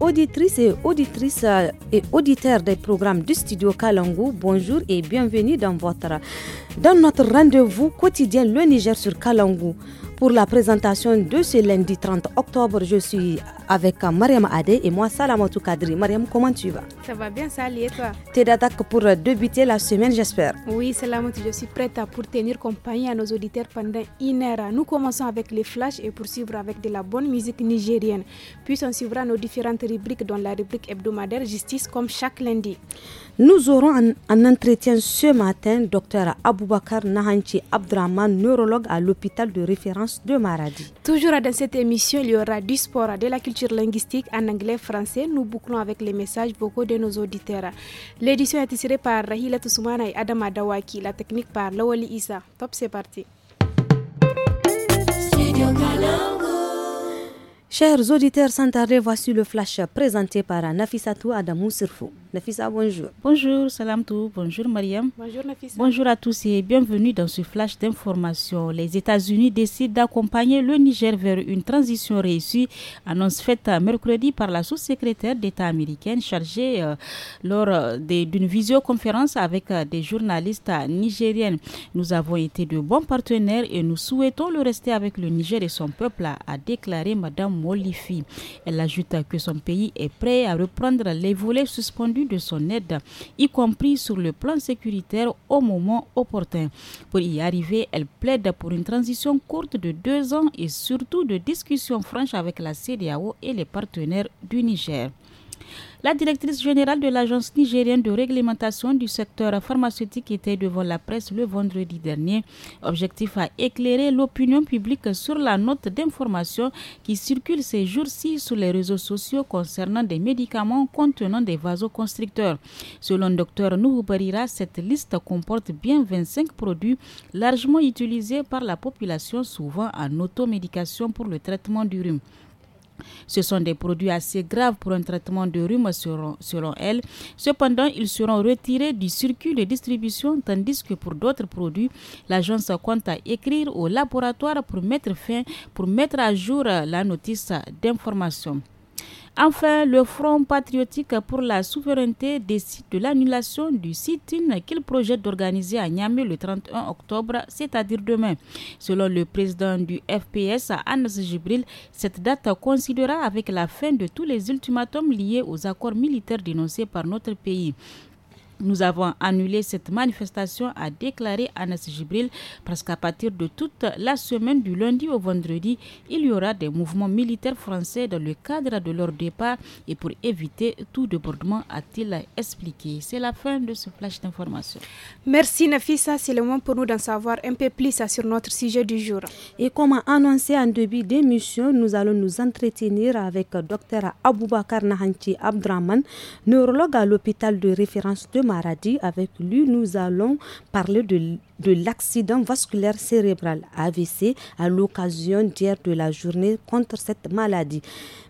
auditrices et euh, et auditeurs des programmes du studio Kalangu, bonjour et bienvenue dans votre dans notre rendez-vous quotidien Le Niger sur Kalangu. Pour la présentation de ce lundi 30 octobre, je suis avec Mariam Adé et moi Salamotou Kadri. Mariam, comment tu vas Ça va bien, salut et toi T'es d'attaque pour débuter la semaine, j'espère. Oui, Salamotou, je suis prête pour tenir compagnie à nos auditeurs pendant une heure. Nous commençons avec les flashs et poursuivre avec de la bonne musique nigérienne. Puis on suivra nos différentes rubriques dans la rubrique hebdomadaire Justice comme chaque lundi. Nous aurons un, entretien ce matin, docteur Aboubakar Nahanchi Abdraman, neurologue à l'hôpital de référence de Maradi. Toujours dans cette émission, il y aura du sport, de la culture linguistique en anglais français. Nous bouclons avec les messages beaucoup de nos auditeurs. L'édition est tirée par Rahila Toussoumana et Adam Adawaki, la technique par Lawali Issa. Top, c'est parti. Chers auditeurs, sans tarder, voici le flash présenté par Nafisatou Adamou Sirfo. Nafisa, bonjour. Bonjour, salam tout. Bonjour, Mariam. Bonjour, Nafisa. Bonjour à tous et bienvenue dans ce flash d'information. Les États-Unis décident d'accompagner le Niger vers une transition réussie, annonce faite mercredi par la sous-secrétaire d'État américaine chargée euh, lors euh, d'une visioconférence avec euh, des journalistes nigériennes. Nous avons été de bons partenaires et nous souhaitons le rester avec le Niger et son peuple, a déclaré Madame elle ajoute que son pays est prêt à reprendre les volets suspendus de son aide, y compris sur le plan sécuritaire au moment opportun. Pour y arriver, elle plaide pour une transition courte de deux ans et surtout de discussions franches avec la CDAO et les partenaires du Niger. La directrice générale de l'Agence nigérienne de réglementation du secteur pharmaceutique était devant la presse le vendredi dernier. Objectif à éclairer l'opinion publique sur la note d'information qui circule ces jours-ci sur les réseaux sociaux concernant des médicaments contenant des vasoconstricteurs. Selon le docteur cette liste comporte bien 25 produits largement utilisés par la population, souvent en automédication pour le traitement du rhume. Ce sont des produits assez graves pour un traitement de rhume selon, elle. Cependant, ils seront retirés du circuit de distribution tandis que pour d'autres produits, l'agence compte à écrire au laboratoire pour mettre fin, pour mettre à jour la notice d'information. Enfin, le Front patriotique pour la souveraineté décide de l'annulation du sit-in qu'il projette d'organiser à Niamey le 31 octobre, c'est-à-dire demain. Selon le président du FPS, Anas Gibril, cette date coïncidera avec la fin de tous les ultimatums liés aux accords militaires dénoncés par notre pays. Nous avons annulé cette manifestation, a déclaré Anas Gibril, parce qu'à partir de toute la semaine du lundi au vendredi, il y aura des mouvements militaires français dans le cadre de leur départ et pour éviter tout débordement, a-t-il expliqué. C'est la fin de ce flash d'information. Merci Nafisa, c'est le moment pour nous d'en savoir un peu plus sur notre sujet du jour. Et comme annoncé en début d'émission, nous allons nous entretenir avec docteur Aboubakar Nahanti Abdraman, neurologue à l'hôpital de référence de Maradi avec lui, nous allons parler de, l'accident vasculaire cérébral AVC à l'occasion d'hier de la journée contre cette maladie.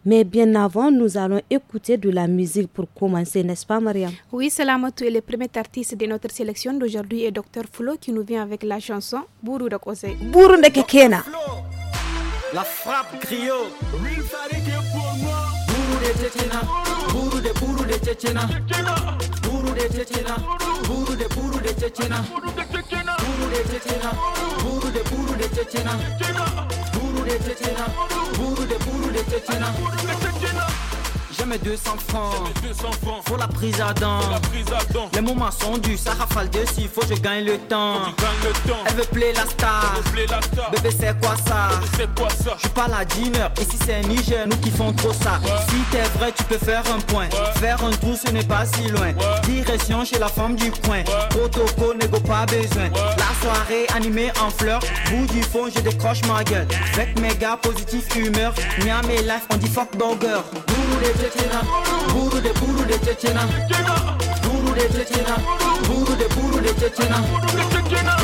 Mais bien avant, nous allons écouter de la musique pour commencer, n'est-ce pas Maria Oui, moto est le premier artiste de notre sélection d'aujourd'hui est Dr Flo qui nous vient avec la chanson Bourou de Kosei. Bourou de Kekena. La frappe de Bourou de Bourou de Chechena, buru de buru de Chechena, buru de Chechena, buru de buru de Chechena, buru de Chechena, buru de buru de Chechena, buru de Chechena. J'aime 200 francs. 200 francs. Faut la prise à dents. Les moments sont durs, ça rafale dessus. Faut que je gagne le temps. Elle veut plaire la star. Bébé, c'est quoi ça? Je suis pas la dîner. si c'est Niger, nous qui font trop ça. Si t'es vrai, tu peux faire un point. Faire un trou, ce n'est pas si loin. Direction chez la femme du coin. Protocole, négo, pas besoin. La soirée animée en fleurs. Bout du fond, je décroche ma gueule. Avec gars positif humeur. Miam et life, on dit fuck burger. chechena chechena chechena buru buru buru buru buru de de de de cecena burude buru de chechena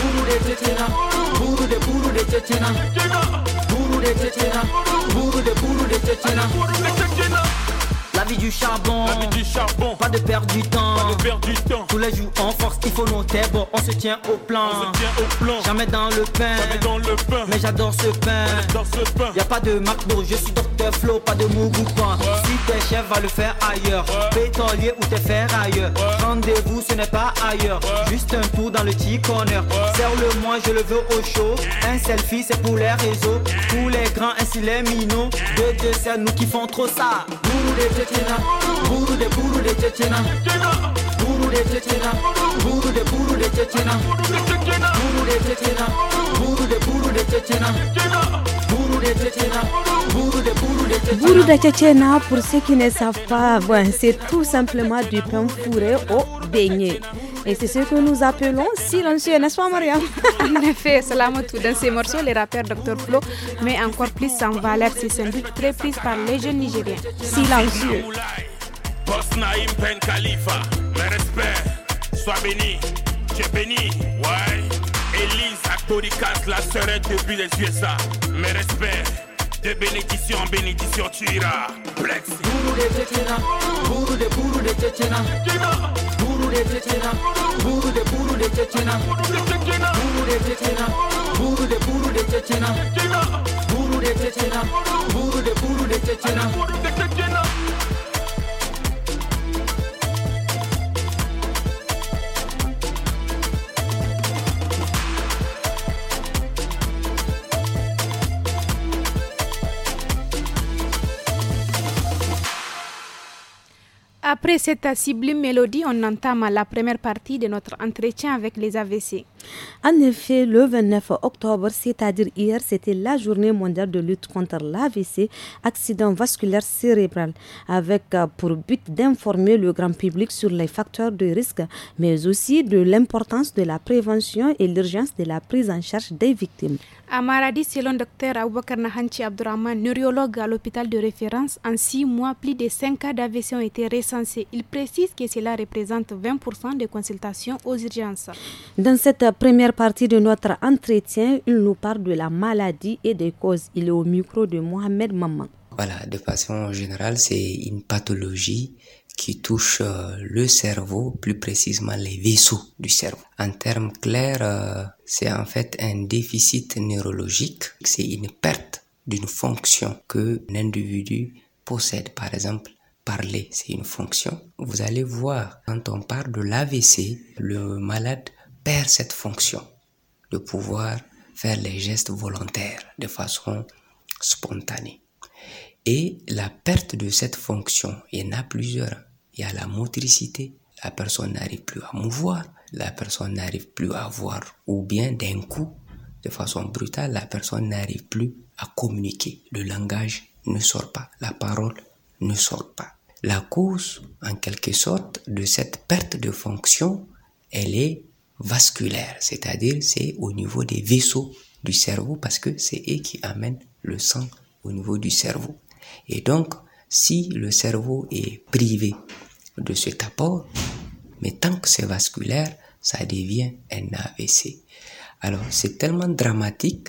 buru de burude cecena burude buru de chechena buru de cecena burude burude buru de cecena La vie du charbon, du charbon. Pas de perdre du temps, Tous les jours en force, il faut noter bon, on se tient au plan, Jamais dans le pain, dans le Mais j'adore ce pain, j'adore ce Y a pas de McDo, je suis Dr Flo, pas de Mougou Si t'es chef, va le faire ailleurs, pétrolier ou t'es faire ailleurs. Rendez-vous, ce n'est pas ailleurs, juste un tour dans le petit corner. Serre-le moins, je le veux au chaud. Un selfie, c'est pour les réseaux, pour les grands ainsi les minots. Deux, deux, c'est nous qui font trop ça. les tetena buru de buru de tetena buru de tetena buru de buru de chechena buru de chechena buru de buru de tetena buru de tetena buru de buru de tetena buru de tetena pour ceux qui ne savent pas bon, c'est tout simplement du pain fourré au beignet et c'est ce que nous appelons silencieux, n'est-ce pas, Mariam En effet, cela tout. dans ces morceaux, les rappeurs Dr. Flo met encore plus en valeur ces c'est très pris par les jeunes Nigériens. Silencieux. sois béni, tu béni, Elise, la sœur de USA, mes respects. De bénédiction en bénédiction, tu iras. Plex. Guru de Tchétchéna, Guru de Guru de Tchétchéna. Guru de Tchétchéna, Guru de Guru de Tchétchéna. Guru de Tchétchéna, Guru de Guru de Tchétchéna. Guru de Tchétchéna, Guru de Guru de Tchétchéna. après cette sublime mélodie, on entame la première partie de notre entretien avec les AVC. En effet, le 29 octobre, c'est-à-dire hier, c'était la journée mondiale de lutte contre l'AVC, accident vasculaire cérébral, avec euh, pour but d'informer le grand public sur les facteurs de risque, mais aussi de l'importance de la prévention et l'urgence de la prise en charge des victimes. À Maradi, selon docteur Aboubakar Nahanchi Abdurrahman, neurologue à l'hôpital de référence, en six mois, plus de cinq cas d'AVC ont été récents il précise que cela représente 20% des consultations aux urgences. Dans cette première partie de notre entretien, il nous parle de la maladie et des causes. Il est au micro de Mohamed Maman. Voilà, de façon générale, c'est une pathologie qui touche euh, le cerveau, plus précisément les vaisseaux du cerveau. En termes clairs, euh, c'est en fait un déficit neurologique, c'est une perte d'une fonction que l'individu possède. Par exemple, parler, c'est une fonction. Vous allez voir, quand on parle de l'AVC, le malade perd cette fonction de pouvoir faire les gestes volontaires de façon spontanée. Et la perte de cette fonction, il y en a plusieurs. Il y a la motricité, la personne n'arrive plus à mouvoir, la personne n'arrive plus à voir, ou bien d'un coup, de façon brutale, la personne n'arrive plus à communiquer. Le langage ne sort pas, la parole ne sort pas. La cause, en quelque sorte, de cette perte de fonction, elle est vasculaire, c'est-à-dire c'est au niveau des vaisseaux du cerveau parce que c'est eux qui amènent le sang au niveau du cerveau. Et donc, si le cerveau est privé de cet apport, mais tant que c'est vasculaire, ça devient un AVC. Alors, c'est tellement dramatique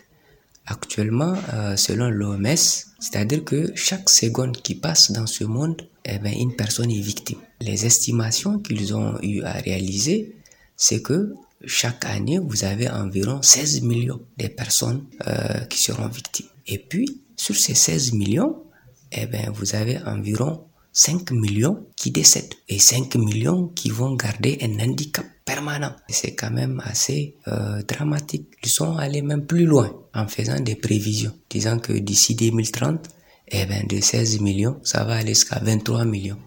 Actuellement, euh, selon l'OMS, c'est-à-dire que chaque seconde qui passe dans ce monde, eh bien, une personne est victime. Les estimations qu'ils ont eu à réaliser, c'est que chaque année, vous avez environ 16 millions de personnes euh, qui seront victimes. Et puis, sur ces 16 millions, eh bien, vous avez environ 5 millions qui décèdent et 5 millions qui vont garder un handicap permanent. C'est quand même assez euh, dramatique. Ils sont allés même plus loin en faisant des prévisions, disant que d'ici 2030, eh ben, de 16 millions, ça va aller jusqu'à 23 millions,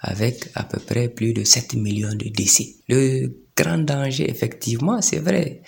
avec à peu près plus de 7 millions de décès. Le grand danger, effectivement, c'est vrai.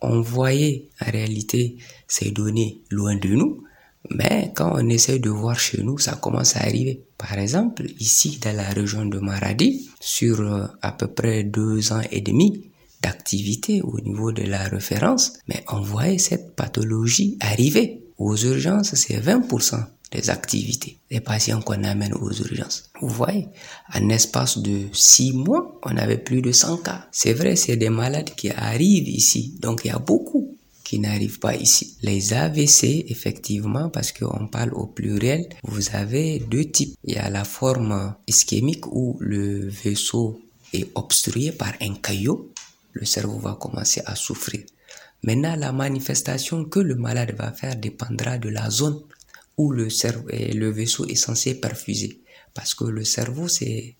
On voyait en réalité ces données loin de nous, mais quand on essaie de voir chez nous, ça commence à arriver. Par exemple, ici, dans la région de Maradi, sur euh, à peu près deux ans et demi d'activité au niveau de la référence, mais on voyait cette pathologie arriver. Aux urgences, c'est 20% des activités des patients qu'on amène aux urgences. Vous voyez, en espace de six mois, on avait plus de 100 cas. C'est vrai, c'est des malades qui arrivent ici, donc il y a beaucoup qui n'arrivent pas ici. Les AVC, effectivement, parce qu'on parle au pluriel, vous avez deux types. Il y a la forme ischémique où le vaisseau est obstrué par un caillot. Le cerveau va commencer à souffrir. Maintenant, la manifestation que le malade va faire dépendra de la zone où le, cerveau, euh, le vaisseau est censé perfuser. Parce que le cerveau, c'est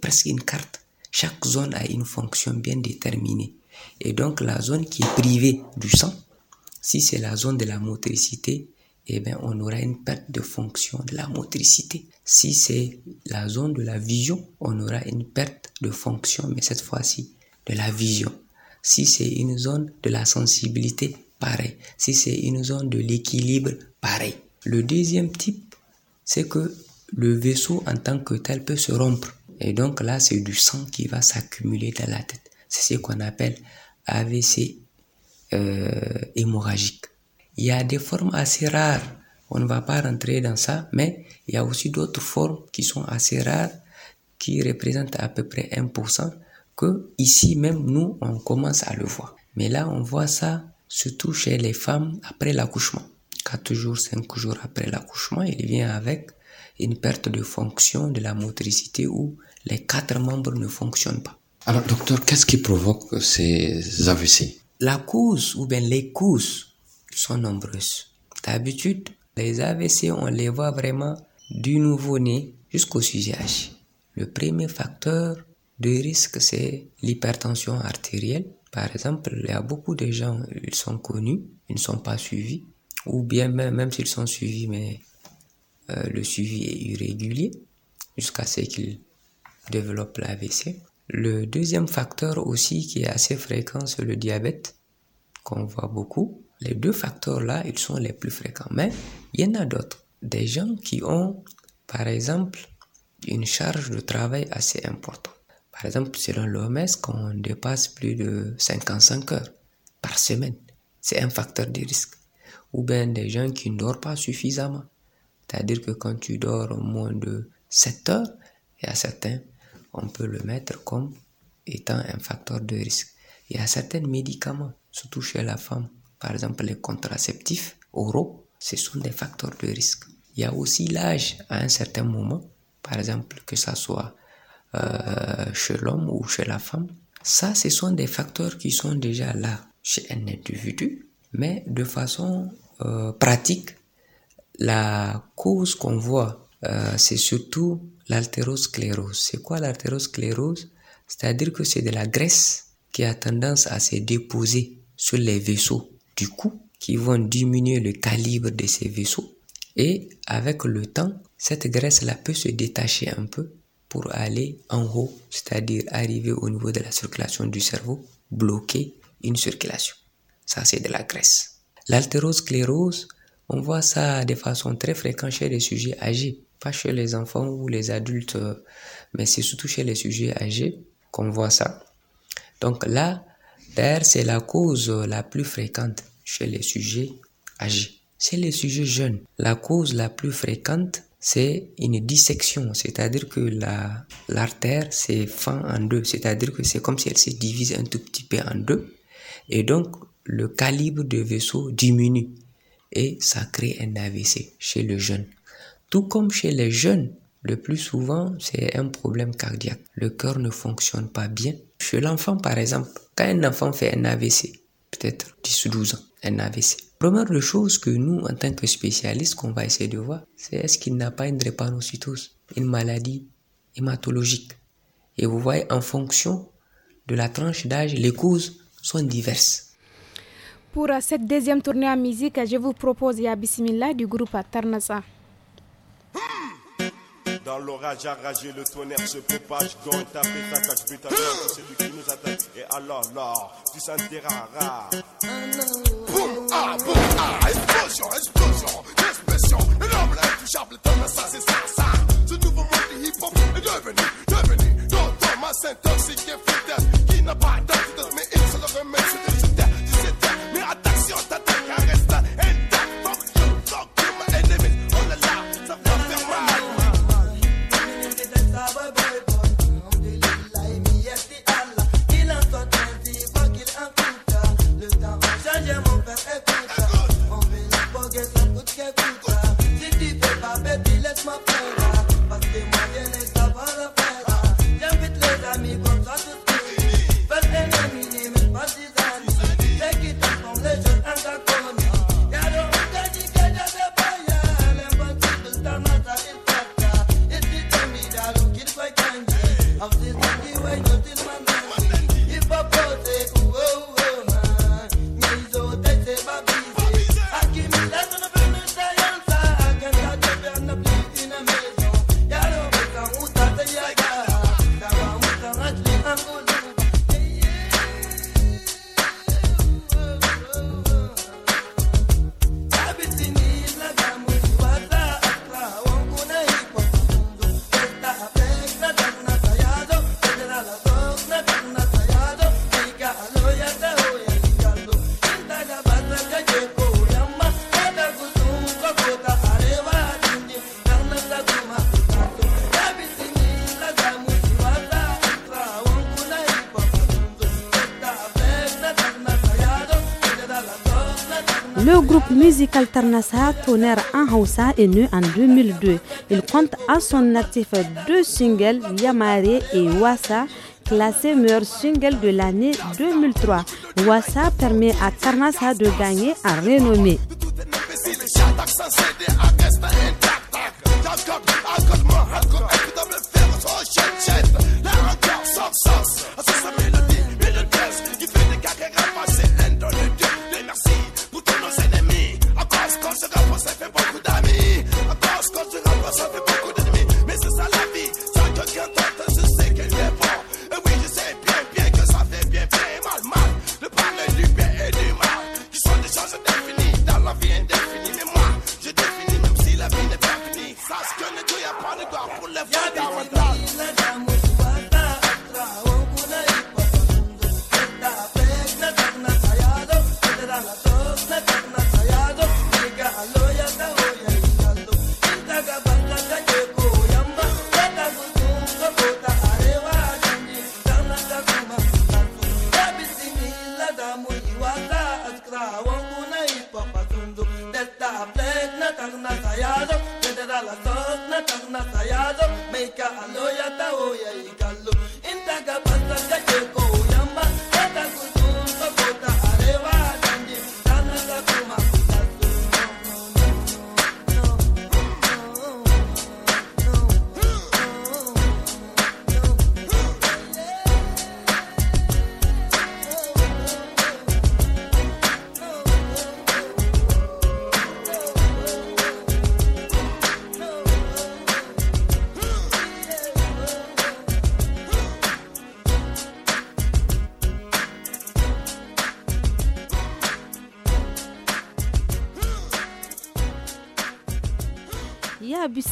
presque une carte. Chaque zone a une fonction bien déterminée. Et donc, la zone qui est privée du sang, si c'est la zone de la motricité, eh bien, on aura une perte de fonction de la motricité. Si c'est la zone de la vision, on aura une perte de fonction, mais cette fois-ci, de la vision. Si c'est une zone de la sensibilité, pareil. Si c'est une zone de l'équilibre, pareil. Le deuxième type, c'est que le vaisseau en tant que tel peut se rompre. Et donc là, c'est du sang qui va s'accumuler dans la tête. C'est ce qu'on appelle AVC euh, hémorragique. Il y a des formes assez rares, on ne va pas rentrer dans ça, mais il y a aussi d'autres formes qui sont assez rares, qui représentent à peu près 1%, que ici même nous, on commence à le voir. Mais là, on voit ça surtout chez les femmes après l'accouchement. quatre jours, cinq jours après l'accouchement, il vient avec une perte de fonction de la motricité où les quatre membres ne fonctionnent pas. Alors, docteur, qu'est-ce qui provoque ces AVC la cause ou bien les causes sont nombreuses. D'habitude, les AVC, on les voit vraiment du nouveau-né jusqu'au sujet âgé. Le premier facteur de risque, c'est l'hypertension artérielle. Par exemple, il y a beaucoup de gens, ils sont connus, ils ne sont pas suivis, ou bien même, même s'ils sont suivis, mais euh, le suivi est irrégulier, jusqu'à ce qu'ils développent l'AVC. Le deuxième facteur aussi qui est assez fréquent, c'est le diabète, qu'on voit beaucoup. Les deux facteurs-là, ils sont les plus fréquents. Mais il y en a d'autres. Des gens qui ont, par exemple, une charge de travail assez importante. Par exemple, selon l'OMS, qu'on dépasse plus de 55 heures par semaine, c'est un facteur de risque. Ou bien des gens qui ne dorment pas suffisamment. C'est-à-dire que quand tu dors au moins de 7 heures, il y a certains on peut le mettre comme étant un facteur de risque. Il y a certains médicaments, surtout chez la femme, par exemple les contraceptifs oraux, ce sont des facteurs de risque. Il y a aussi l'âge à un certain moment, par exemple que ça soit euh, chez l'homme ou chez la femme. Ça, ce sont des facteurs qui sont déjà là chez un individu, mais de façon euh, pratique, la cause qu'on voit, euh, c'est surtout L'artérosclérose. C'est quoi l'artérosclérose C'est-à-dire que c'est de la graisse qui a tendance à se déposer sur les vaisseaux du cou qui vont diminuer le calibre de ces vaisseaux. Et avec le temps, cette graisse-là peut se détacher un peu pour aller en haut, c'est-à-dire arriver au niveau de la circulation du cerveau, bloquer une circulation. Ça, c'est de la graisse. L'altérosclérose, on voit ça de façon très fréquente chez les sujets âgés pas chez les enfants ou les adultes, euh, mais c'est surtout chez les sujets âgés qu'on voit ça. Donc là, terre c'est la cause euh, la plus fréquente chez les sujets âgés. C'est les sujets jeunes, la cause la plus fréquente, c'est une dissection, c'est-à-dire que la, l'artère s'est fend en deux, c'est-à-dire que c'est comme si elle se divise un tout petit peu en deux, et donc le calibre de vaisseau diminue, et ça crée un AVC chez le jeune. Tout comme chez les jeunes, le plus souvent, c'est un problème cardiaque. Le cœur ne fonctionne pas bien. Chez l'enfant, par exemple, quand un enfant fait un AVC, peut-être 10 ou 12 ans, un AVC. Première chose que nous, en tant que spécialistes, qu'on va essayer de voir, c'est est-ce qu'il n'a pas une drépanocytose, une maladie hématologique. Et vous voyez, en fonction de la tranche d'âge, les causes sont diverses. Pour cette deuxième tournée à musique, je vous propose Yabissimila du groupe Tarnasa. Hmm. Dans l'orage arragé, le tonnerre se propage. Gon, tapé, tac, à ta c'est lui qui nous attaque. Et alors, là, tu rares. Boum, ah, boum, ah, explosion, explosion, expression. Énorme, l'intouchable, ton ça, c'est ça, ça. Ce nouveau monde du hip-hop est devenu, devenu. Dans Thomas intoxiqué, fidèle, qui n'a pas d'antidote, mais il se le remet sur sais, mais attention, t'attends. Tarnasa, tonnerre en Hausa, est né en 2002. Il compte à son actif deux singles, Yamare et Wassa, classés meilleurs single de l'année 2003. Wassa permet à Tarnasa de gagner en renommée.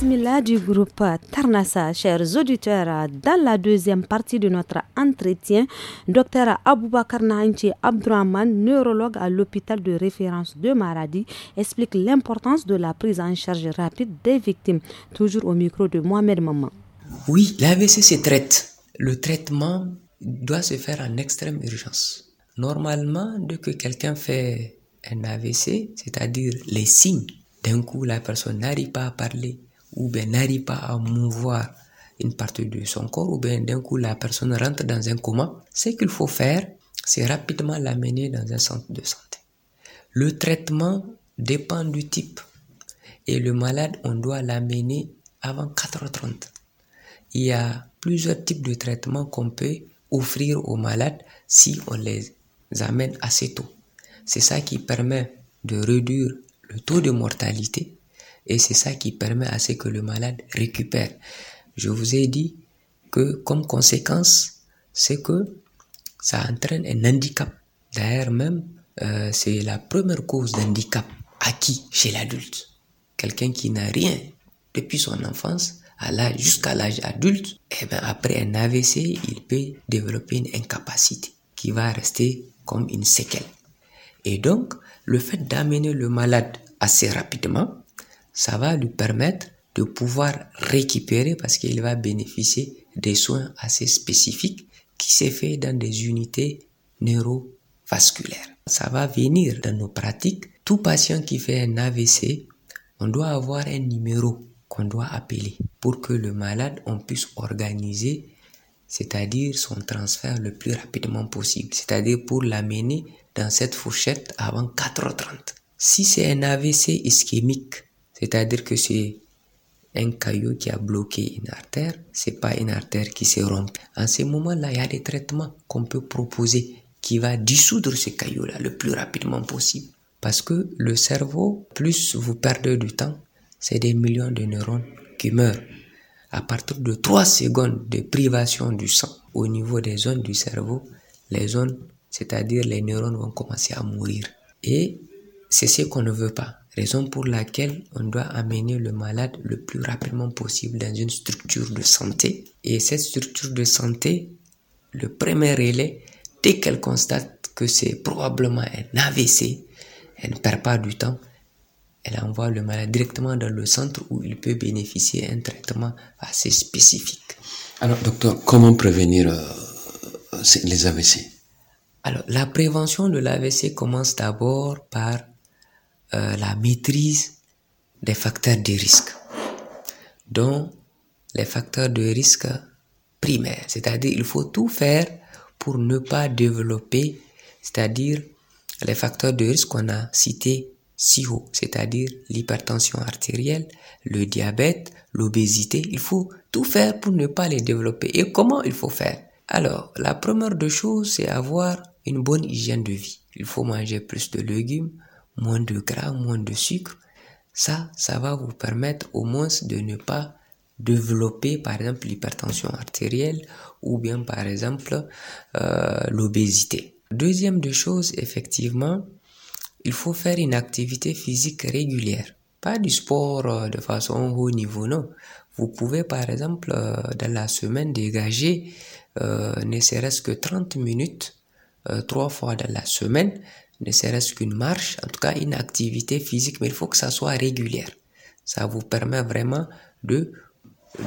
Bismillah du groupe Tarnassa, chers auditeurs, dans la deuxième partie de notre entretien, docteur Aboubakar Nahanchi Abdourahman, neurologue à l'hôpital de référence de Maradi, explique l'importance de la prise en charge rapide des victimes, toujours au micro de Mohamed Maman. Oui, l'AVC se traite. Le traitement doit se faire en extrême urgence. Normalement, dès que quelqu'un fait un AVC, c'est-à-dire les signes, d'un coup la personne n'arrive pas à parler, ou bien n'arrive pas à mouvoir une partie de son corps, ou bien d'un coup la personne rentre dans un coma, ce qu'il faut faire, c'est rapidement l'amener dans un centre de santé. Le traitement dépend du type. Et le malade, on doit l'amener avant 4h30. Il y a plusieurs types de traitements qu'on peut offrir aux malades si on les amène assez tôt. C'est ça qui permet de réduire le taux de mortalité et c'est ça qui permet à ce que le malade récupère. Je vous ai dit que comme conséquence, c'est que ça entraîne un handicap. D'ailleurs même, euh, c'est la première cause d'handicap acquis chez l'adulte. Quelqu'un qui n'a rien depuis son enfance jusqu'à l'âge adulte, et eh ben, après un AVC, il peut développer une incapacité qui va rester comme une séquelle. Et donc, le fait d'amener le malade assez rapidement, ça va lui permettre de pouvoir récupérer parce qu'il va bénéficier des soins assez spécifiques qui s'est fait dans des unités neurovasculaires. Ça va venir dans nos pratiques. Tout patient qui fait un AVC, on doit avoir un numéro qu'on doit appeler pour que le malade, on puisse organiser, c'est-à-dire son transfert le plus rapidement possible, c'est-à-dire pour l'amener dans cette fourchette avant 4h30. Si c'est un AVC ischémique, c'est-à-dire que c'est un caillou qui a bloqué une artère, c'est pas une artère qui se rompt. En ce moment-là, il y a des traitements qu'on peut proposer qui va dissoudre ce caillou-là le plus rapidement possible. Parce que le cerveau, plus vous perdez du temps, c'est des millions de neurones qui meurent. À partir de 3 secondes de privation du sang au niveau des zones du cerveau, les zones, c'est-à-dire les neurones vont commencer à mourir. Et c'est ce qu'on ne veut pas raison pour laquelle on doit amener le malade le plus rapidement possible dans une structure de santé. Et cette structure de santé, le premier relais, dès qu'elle constate que c'est probablement un AVC, elle ne perd pas du temps, elle envoie le malade directement dans le centre où il peut bénéficier d'un traitement assez spécifique. Alors, docteur, comment prévenir euh, les AVC Alors, la prévention de l'AVC commence d'abord par euh, la maîtrise des facteurs de risque, dont les facteurs de risque primaires. C'est-à-dire, il faut tout faire pour ne pas développer, c'est-à-dire les facteurs de risque qu'on a cités si haut, c'est-à-dire l'hypertension artérielle, le diabète, l'obésité. Il faut tout faire pour ne pas les développer. Et comment il faut faire Alors, la première des choses, c'est avoir une bonne hygiène de vie. Il faut manger plus de légumes, moins de gras, moins de sucre, ça, ça va vous permettre au moins de ne pas développer par exemple l'hypertension artérielle ou bien par exemple euh, l'obésité. Deuxième de choses, effectivement, il faut faire une activité physique régulière. Pas du sport euh, de façon haut niveau, non. Vous pouvez par exemple euh, dans la semaine dégager ne serait-ce que 30 minutes trois fois dans la semaine ne serait-ce qu'une marche, en tout cas une activité physique, mais il faut que ça soit régulière. Ça vous permet vraiment de,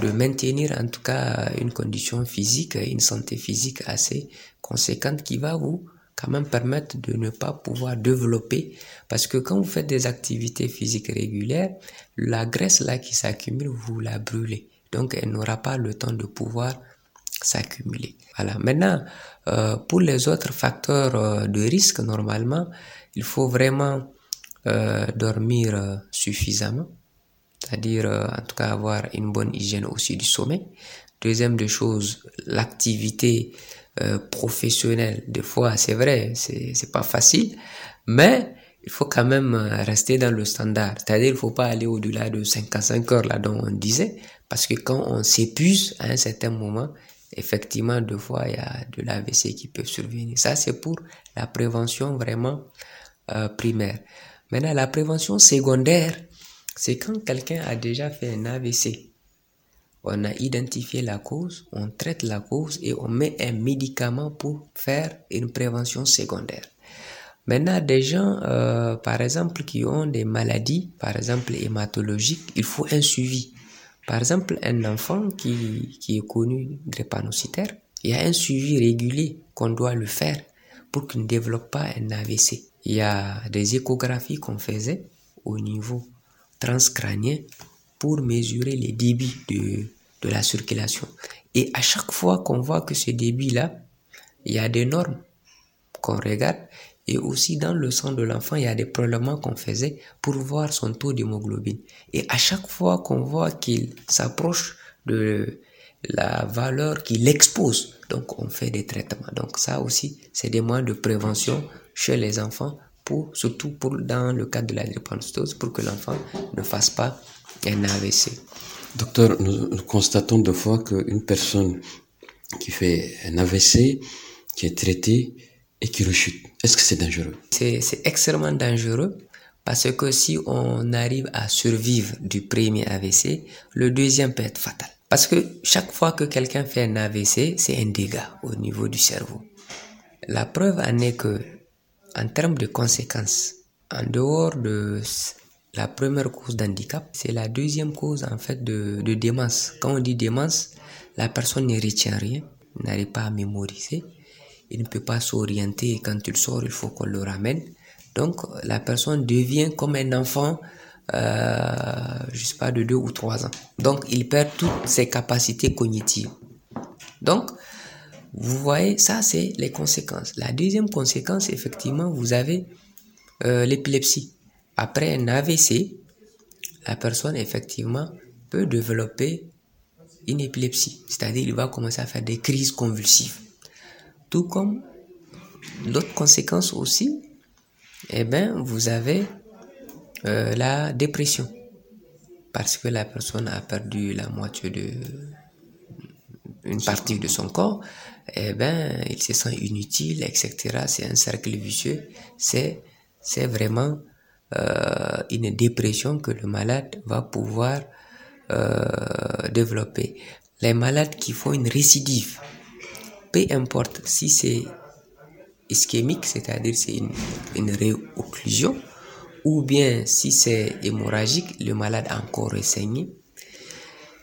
de maintenir en tout cas une condition physique, une santé physique assez conséquente qui va vous quand même permettre de ne pas pouvoir développer parce que quand vous faites des activités physiques régulières, la graisse là qui s'accumule, vous la brûlez. Donc elle n'aura pas le temps de pouvoir s'accumuler. Voilà. Maintenant, euh, pour les autres facteurs euh, de risque, normalement, il faut vraiment euh, dormir euh, suffisamment, c'est-à-dire euh, en tout cas avoir une bonne hygiène aussi du sommeil. Deuxième des choses, l'activité professionnelle. Des fois, c'est vrai, c'est pas facile, mais il faut quand même rester dans le standard. C'est-à-dire, il faut pas aller au-delà de à 5 heures, là, dont on disait, parce que quand on s'épuise à un certain moment, effectivement, deux fois, il y a de l'AVC qui peut survenir. Ça, c'est pour la prévention vraiment euh, primaire. Maintenant, la prévention secondaire, c'est quand quelqu'un a déjà fait un AVC. On a identifié la cause, on traite la cause et on met un médicament pour faire une prévention secondaire. Maintenant, des gens, euh, par exemple, qui ont des maladies, par exemple hématologiques, il faut un suivi. Par exemple, un enfant qui, qui est connu drépanocytaire, il y a un suivi régulier qu'on doit le faire pour qu'il ne développe pas un AVC. Il y a des échographies qu'on faisait au niveau transcranien pour mesurer les débits de, de la circulation. Et à chaque fois qu'on voit que ce débit-là, il y a des normes qu'on regarde et aussi dans le sang de l'enfant, il y a des prélèvements qu'on faisait pour voir son taux d'hémoglobine. Et à chaque fois qu'on voit qu'il s'approche de la valeur qu'il expose, donc on fait des traitements. Donc ça aussi, c'est des moyens de prévention chez les enfants, pour, surtout pour, dans le cadre de la drépanocytose, pour que l'enfant ne fasse pas un AVC. Docteur, nous, nous constatons deux fois qu'une personne qui fait un AVC, qui est traitée, et qui rechute. Est-ce que c'est dangereux C'est extrêmement dangereux parce que si on arrive à survivre du premier AVC, le deuxième peut être fatal. Parce que chaque fois que quelqu'un fait un AVC, c'est un dégât au niveau du cerveau. La preuve en est que, en termes de conséquences, en dehors de la première cause d'handicap, c'est la deuxième cause en fait de, de démence. Quand on dit démence, la personne ne retient rien, n'arrive pas à mémoriser il ne peut pas s'orienter quand il sort, il faut qu'on le ramène. Donc la personne devient comme un enfant, euh, je sais pas, de 2 ou 3 ans. Donc il perd toutes ses capacités cognitives. Donc vous voyez, ça c'est les conséquences. La deuxième conséquence, effectivement, vous avez euh, l'épilepsie. Après un AVC, la personne effectivement peut développer une épilepsie, c'est-à-dire il va commencer à faire des crises convulsives. Tout comme d'autres conséquences aussi, eh bien, vous avez euh, la dépression. Parce que la personne a perdu la moitié de une partie de son corps, et eh ben, il se sent inutile, etc. C'est un cercle vicieux. C'est, c'est vraiment euh, une dépression que le malade va pouvoir euh, développer. Les malades qui font une récidive, peu importe si c'est ischémique, c'est-à-dire c'est une, réocclusion, ou bien si c'est hémorragique, le malade a encore saigné.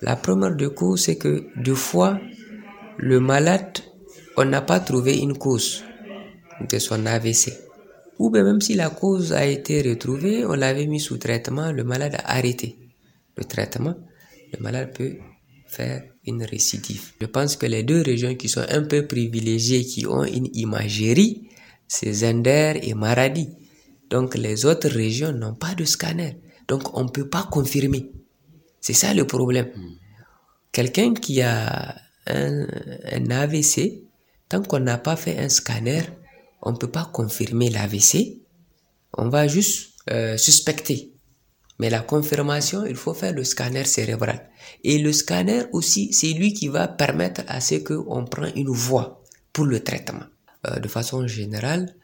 La première de causes, c'est que deux fois, le malade, on n'a pas trouvé une cause de son AVC. Ou bien même si la cause a été retrouvée, on l'avait mis sous traitement, le malade a arrêté le traitement, le malade peut faire une récidive. Je pense que les deux régions qui sont un peu privilégiées, qui ont une imagerie, c'est Zender et Maradi. Donc les autres régions n'ont pas de scanner. Donc on ne peut pas confirmer. C'est ça le problème. Hmm. Quelqu'un qui a un, AVC, tant qu'on n'a pas fait un scanner, on ne peut pas confirmer l'AVC. On va juste euh, suspecter. Mais la confirmation, il faut faire le scanner cérébral. Et le scanner aussi, c'est lui qui va permettre à ce qu'on prend une voie pour le traitement. Euh, de façon générale,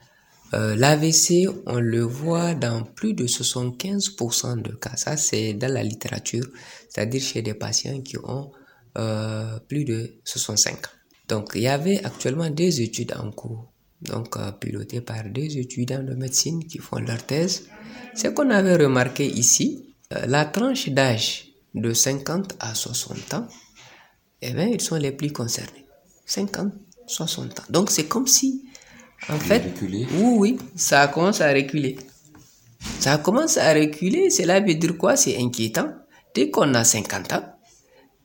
euh, l'AVC, on le voit dans plus de 75% de cas. Ça, c'est dans la littérature, c'est-à-dire chez des patients qui ont euh, plus de 65 ans. Donc, il y avait actuellement des études en cours donc euh, piloté par des étudiants de médecine qui font leur thèse. c'est qu'on avait remarqué ici, euh, la tranche d'âge de 50 à 60 ans, eh bien, ils sont les plus concernés. 50, 60 ans. Donc c'est comme si, en fait, oui, oui, ça commence à reculer. Ça commence à reculer, cela veut dire quoi C'est inquiétant. Dès qu'on a 50 ans,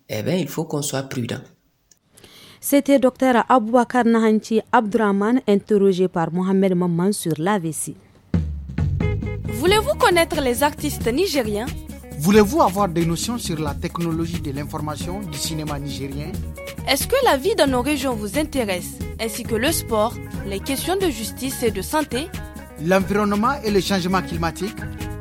eh bien, il faut qu'on soit prudent. C'était Dr Aboubakar Nahanti Abdurrahman, interrogé par Mohamed Maman sur l'AVC. Voulez-vous connaître les artistes nigériens Voulez-vous avoir des notions sur la technologie de l'information du cinéma nigérien Est-ce que la vie dans nos régions vous intéresse, ainsi que le sport, les questions de justice et de santé L'environnement et le changement climatique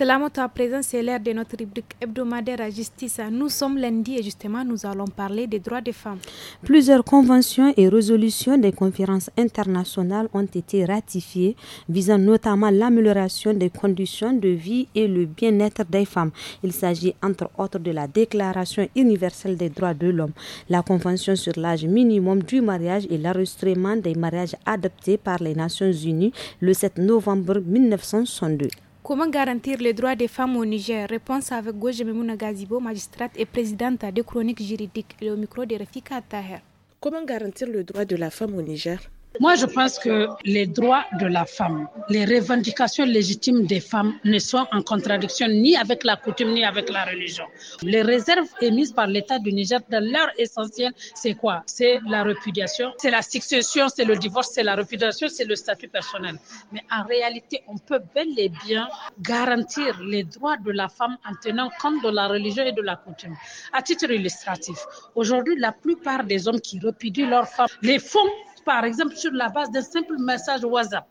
Salam à présent, c'est l'heure de notre rubrique hebdomadaire à justice. Nous sommes lundi et justement, nous allons parler des droits des femmes. Plusieurs conventions et résolutions des conférences internationales ont été ratifiées, visant notamment l'amélioration des conditions de vie et le bien-être des femmes. Il s'agit entre autres de la Déclaration universelle des droits de l'homme, la Convention sur l'âge minimum du mariage et l'enregistrement des mariages adoptés par les Nations unies le 7 novembre 1962. Comment garantir les droits des femmes au Niger Réponse avec Gojememouna Gazibo, magistrate et présidente de chroniques juridiques, et au micro de Rafika Taher. Comment garantir le droit de la femme au Niger moi, je pense que les droits de la femme, les revendications légitimes des femmes ne sont en contradiction ni avec la coutume ni avec la religion. Les réserves émises par l'État du Niger, dans leur essentiel, c'est quoi C'est la repudiation, c'est la succession, c'est le divorce, c'est la repudiation, c'est le statut personnel. Mais en réalité, on peut bel et bien garantir les droits de la femme en tenant compte de la religion et de la coutume. À titre illustratif, aujourd'hui, la plupart des hommes qui répudient leurs femmes les font par exemple, sur la base d'un simple message WhatsApp.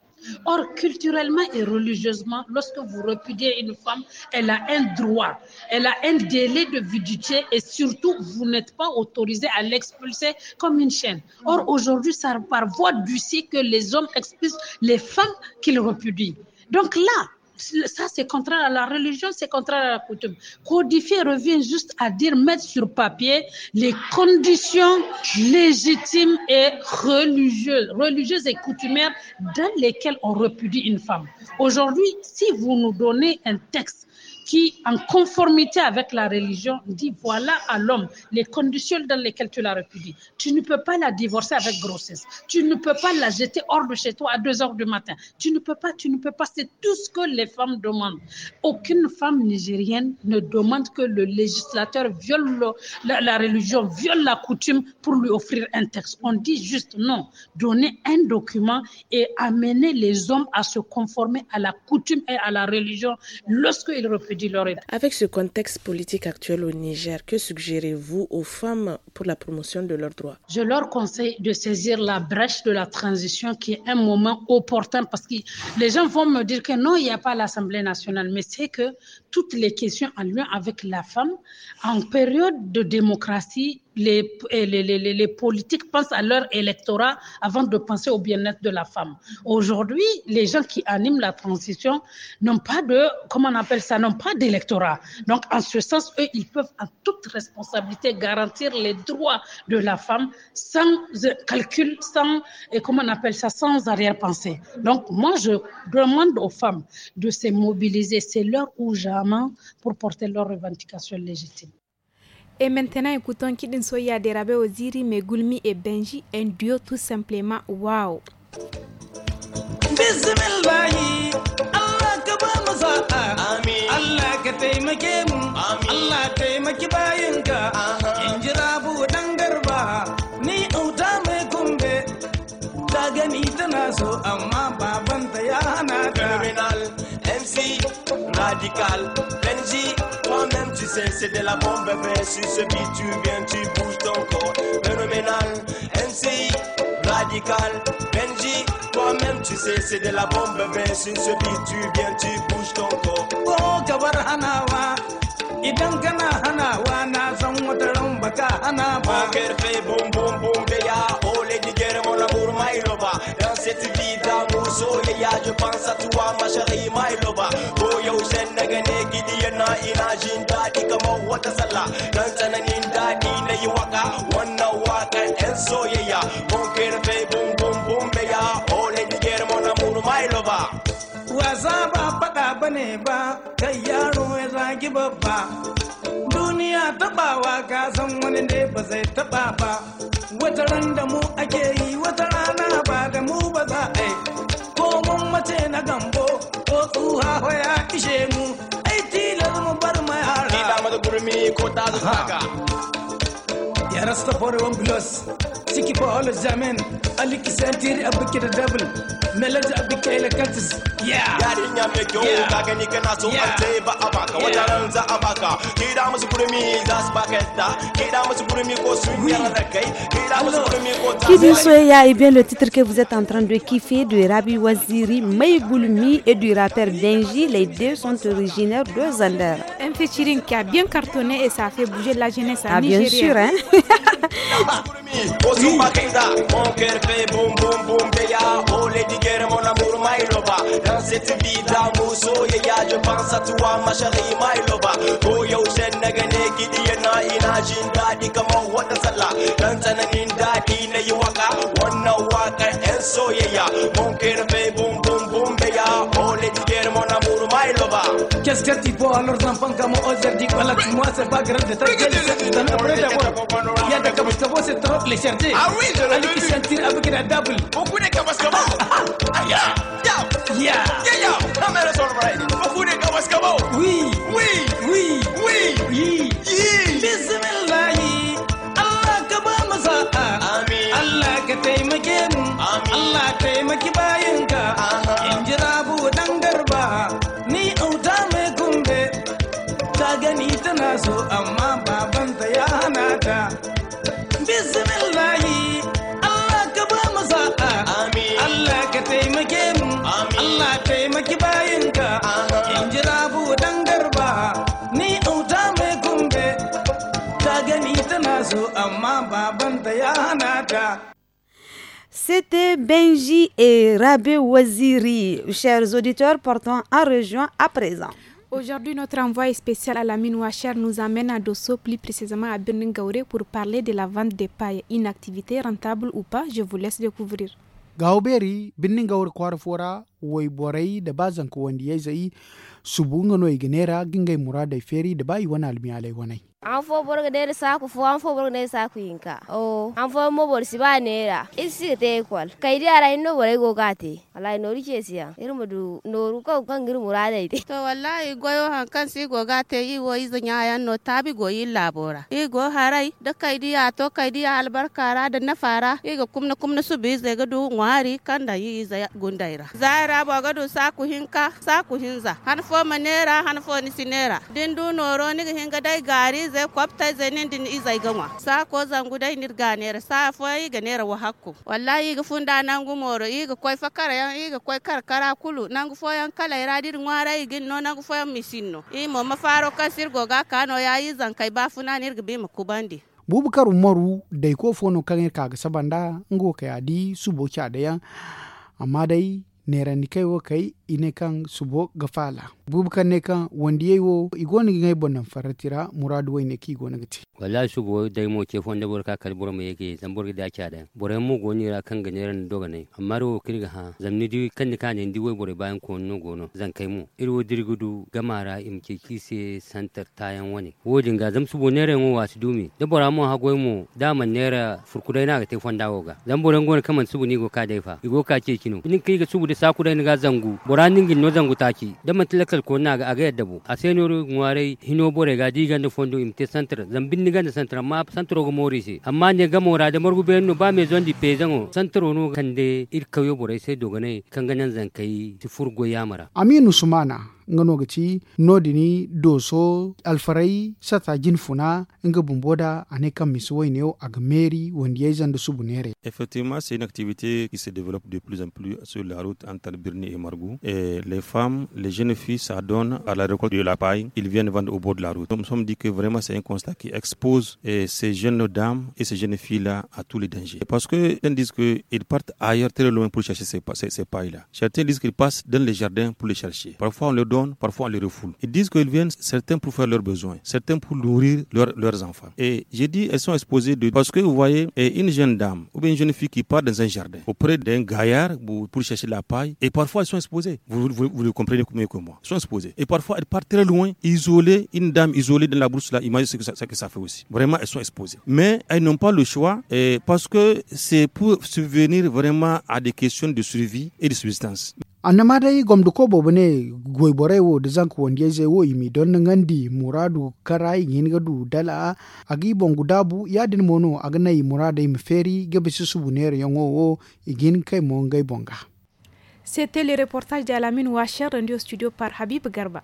Or, culturellement et religieusement, lorsque vous repudiez une femme, elle a un droit, elle a un délai de vidité et surtout, vous n'êtes pas autorisé à l'expulser comme une chaîne. Or, aujourd'hui, c'est par voie du que les hommes expulsent les femmes qu'ils repudient. Donc là, ça c'est contraire à la religion, c'est contraire à la coutume. Codifier revient juste à dire mettre sur papier les conditions légitimes et religieuses, religieuses et coutumières dans lesquelles on repudie une femme. Aujourd'hui, si vous nous donnez un texte qui, en conformité avec la religion, dit voilà à l'homme les conditions dans lesquelles tu la répudies. Tu ne peux pas la divorcer avec grossesse. Tu ne peux pas la jeter hors de chez toi à 2 heures du matin. Tu ne peux pas, tu ne peux pas. C'est tout ce que les femmes demandent. Aucune femme nigérienne ne demande que le législateur viole la, religion, viole la coutume pour lui offrir un texte. On dit juste non. Donner un document et amener les hommes à se conformer à la coutume et à la religion lorsqu'ils refusent. Avec ce contexte politique actuel au Niger, que suggérez-vous aux femmes pour la promotion de leurs droits Je leur conseille de saisir la brèche de la transition qui est un moment opportun parce que les gens vont me dire que non, il n'y a pas l'Assemblée nationale, mais c'est que toutes les questions en lien avec la femme, en période de démocratie, eh, les, politiques pensent à leur électorat avant de penser au bien-être de la femme. Aujourd'hui, les gens qui animent la transition n'ont pas de, comment on appelle ça, n'ont pas d'électorat. Donc, en ce sens, eux, ils peuvent en toute responsabilité garantir les droits de la femme sans euh, calcul, sans, et eh, comment on appelle ça, sans arrière-pensée. Donc, moi, je demande aux femmes de se mobiliser, c'est l'heure ou jamais, pour porter leurs revendications légitimes. Et maintenant, écoutons Kidin Soya Derabe Oziri, Megulmi et Benji, un duo tout simplement wow. Bismillahi, Allah ka ba mu sa'a. Amin. Allah ka taimake mu. Amin. Allah taimaki bayinka. In ji rabu dan garba, ni auta mai kumbe. Ta gani tana so amma babanta ya hana MC, Radical, Benji, sais, c'est de la bombe, bébé. Sur ce beat, tu viens, tu bouges ton corps. Phénoménal, NCI, radical, Benji. Toi-même, tu sais, c'est de la bombe, bébé. Sur ce beat, tu viens, tu bouges ton corps. Oh, Gawar Hanawa. Idan kana hanawa na san wata fait boum boum boum ya oh les la mon amour Maïloba Dans cette vie d'amour soleya je pense à toi ma chérie Maïloba Oh yo sen na gane gidiya na a, kamar wata sallah don tsananin daɗi na yi waka wannan waka yan soyayya bon kerfe bum bum bum beya ore mo na muru mai loba wasa ba faɗa ba ne ba kai yaro ya zagi babba duniya taɓawa ka san wani ne ba zai taɓa ba wata ran da mu ake yi wata rana ba da mu ba za a yi ko mun mace na gambo ko tsuha ya ishe mu Gaga. انا اصطفر ومبلوس سيكي بقول الزمان قال لك سنتير ابك كده دبل ملاذ ابك الى كاتس يا yarinya mai kyau ka gani kana so arte ba a baka wata ran za a baka ke da musu gurmi za su baka yadda ke da musu kurmi ko sun yarda kai ke da musu gurmi ko ta Kidi Soya est bien le titre que vous êtes en train de kiffer de Rabi Waziri, Maïgoulmi et du rappeur Benji. Les deux sont originaires de Zander. Un featuring qui a bien cartonné et ça a fait bouger la jeunesse à ah, Nigeria. bien sûr, hein Oh on my so so yeah yeah. soyayya mun kirfe bun Just just before I learn some C'était Benji et Rabé Waziri. Chers auditeurs, portant en région à présent. Aujourd'hui, notre envoyé spécial à la mine Ouachère nous amène à Dosso, plus précisément à Birningaure, pour parler de la vente des pailles. Une activité rentable ou pas, je vous laisse découvrir. gauberi binnin gawar kwarfora de borai da bazan ko wanda ya zai de gingai feri almi an fo borgo dere saku fo an fo borgo dere saku hinka o oh. an fɔ mo bor si ba nera isi i kwal kai dia ra inno bore go gate wallahi nori ke siya mu du noru ko kan gir murada ite to wallahi goyo han kan si go gate i wo izin ya yan no tabi go yi labora i go harai da kai dia to kai di albarka ra da na fara i ga kumna kumna su bi zai ga du ngwari kan da yi zai gundaira zaira bo ga du saku hinka saku hinza han fo manera han fo ni sinera din du noro ni ga hinga dai gari ize kwapta ize din iza gama sa ko zangu zanguda inir ganera sa fo yi ga nera wa hakku wallahi ga funda nan nangu moro ga koi fakara yan yi ga koi kar kara kulu nan gu fo yan kala ira iradir ngwara gin no nan gu fo yan misinno i mo ma faro kasir go goga kano ya yi zan kai ba funa bafuna ga bi makubandi bubukar umaru dai ko fono kan ka ga sabanda ngo kayadi subo kya da yan amma dai nera nerandike wo kai ine kan subo gafala bubukan ne kan wanda yayi wo igoni ngai bonan faratira muradu wo ne ki gona gati wala shugo dai mo ke fonde bor ka kal bor mo yake zan bor da kya da bor mo goni ra kan ga neran doga ne amma ro kirga ha zamni di kan ni kan ndi wo bor bayan ko no gono zan kai mu irwo dirgudu gamara im ke ki se santar tayan wani wodin ga zam subo neran wo wasu dumi da bor mo ha goy mo da man nera furkudai na ga te fonda wo ga zan boran gona kaman subo ni go ka dai fa igo ka ke kino ni kai ga subo sakura ni ga zangu buranin gin no zangu taki da matlakal ko na ga aga yadda bu a sai no ngware hino bore ga diga no fondo imte center zambin ni ga na ma santro go mori se amma ne ga mora da morgu be no ba me zondi pe zango santro no kande irka kayo bore sai dogane kan ganan zankai ti furgo yamara aminu sumana nodini doso sata effectivement c'est une activité qui se développe de plus en plus sur la route entre Birni et Margou et les femmes les jeunes filles s'adonnent à la récolte de la paille ils viennent vendre au bord de la route nous sommes dit que vraiment c'est un constat qui expose et eh, ces jeunes dames et ces jeunes filles là à tous les dangers parce que certains disent qu'ils partent ailleurs très loin pour chercher ces, ces, ces pailles là certains disent qu'ils passent dans les jardins pour les chercher parfois on leur donne parfois on les refoule. Ils disent qu'ils viennent, certains pour faire leurs besoins, certains pour nourrir leurs enfants. Et j'ai dit, elles sont exposées de... Parce que vous voyez, une jeune dame ou bien une jeune fille qui part dans un jardin auprès d'un gaillard pour chercher la paille, et parfois elles sont exposées. Vous, vous, le comprenez mieux que moi. Elles sont exposées. Et parfois elles partent très loin, isolées, une dame isolée dans la brousse là, imaginez ce que ça, ça fait aussi. Vraiment, elles sont exposées. Mais elles n'ont pas le choix et parce que c'est pour subvenir vraiment à des questions de survie et de subsistance annamadai dai gomdu ko bobu ne wo da zanku wanda wo imi don na ngandi muradu karai yin gadu dala a gibon gudabu ya din mono a gana yi murada yi feri su subu ne wo igin kai mon gai bonga C'était le reportage d'Alamine Washer rendu au studio par Habib Garba.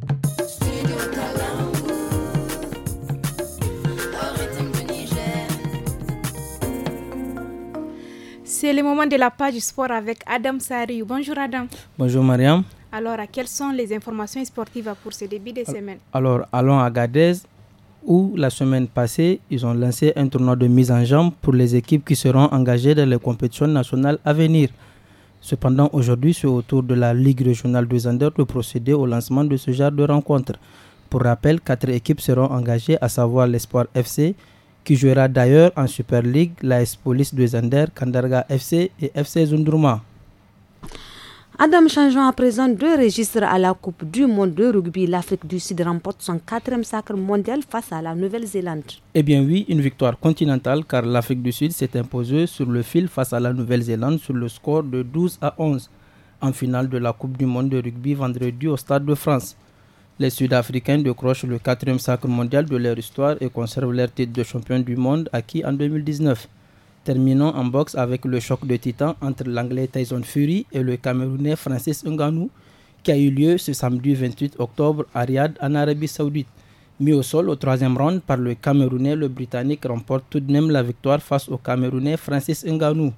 c'est le moment de la page sport avec Adam Sariou. Bonjour Adam. Bonjour Mariam. Alors, euh, quelles sont les informations sportives pour ce début de semaine Alors, allons à Gadez où la semaine passée, ils ont lancé un tournoi de mise en jambe pour les équipes qui seront engagées dans les compétitions nationales à venir. Cependant, aujourd'hui, c'est au tour de la Ligue régionale de Zander de procéder au lancement de ce genre de rencontre. Pour rappel, quatre équipes seront engagées, à savoir l'Espoir FC, qui jouera d'ailleurs en Super League s Police de Zander, Kandarga FC et FC Zundruma. Adam Changeant à présent deux registres à la Coupe du monde de rugby. L'Afrique du Sud remporte son quatrième sacre mondial face à la Nouvelle-Zélande. Eh bien oui, une victoire continentale car l'Afrique du Sud s'est imposée sur le fil face à la Nouvelle-Zélande sur le score de 12 à 11 en finale de la Coupe du monde de rugby vendredi au Stade de France. Les Sud-Africains décrochent le quatrième sacre mondial de leur histoire et conservent leur titre de champion du monde acquis en 2019. Terminons en boxe avec le choc de titan entre l'anglais Tyson Fury et le camerounais Francis Ngannou qui a eu lieu ce samedi 28 octobre à Riyad en Arabie saoudite. Mis au sol au troisième round par le Camerounais, le Britannique remporte tout de même la victoire face au Camerounais Francis Ngannou.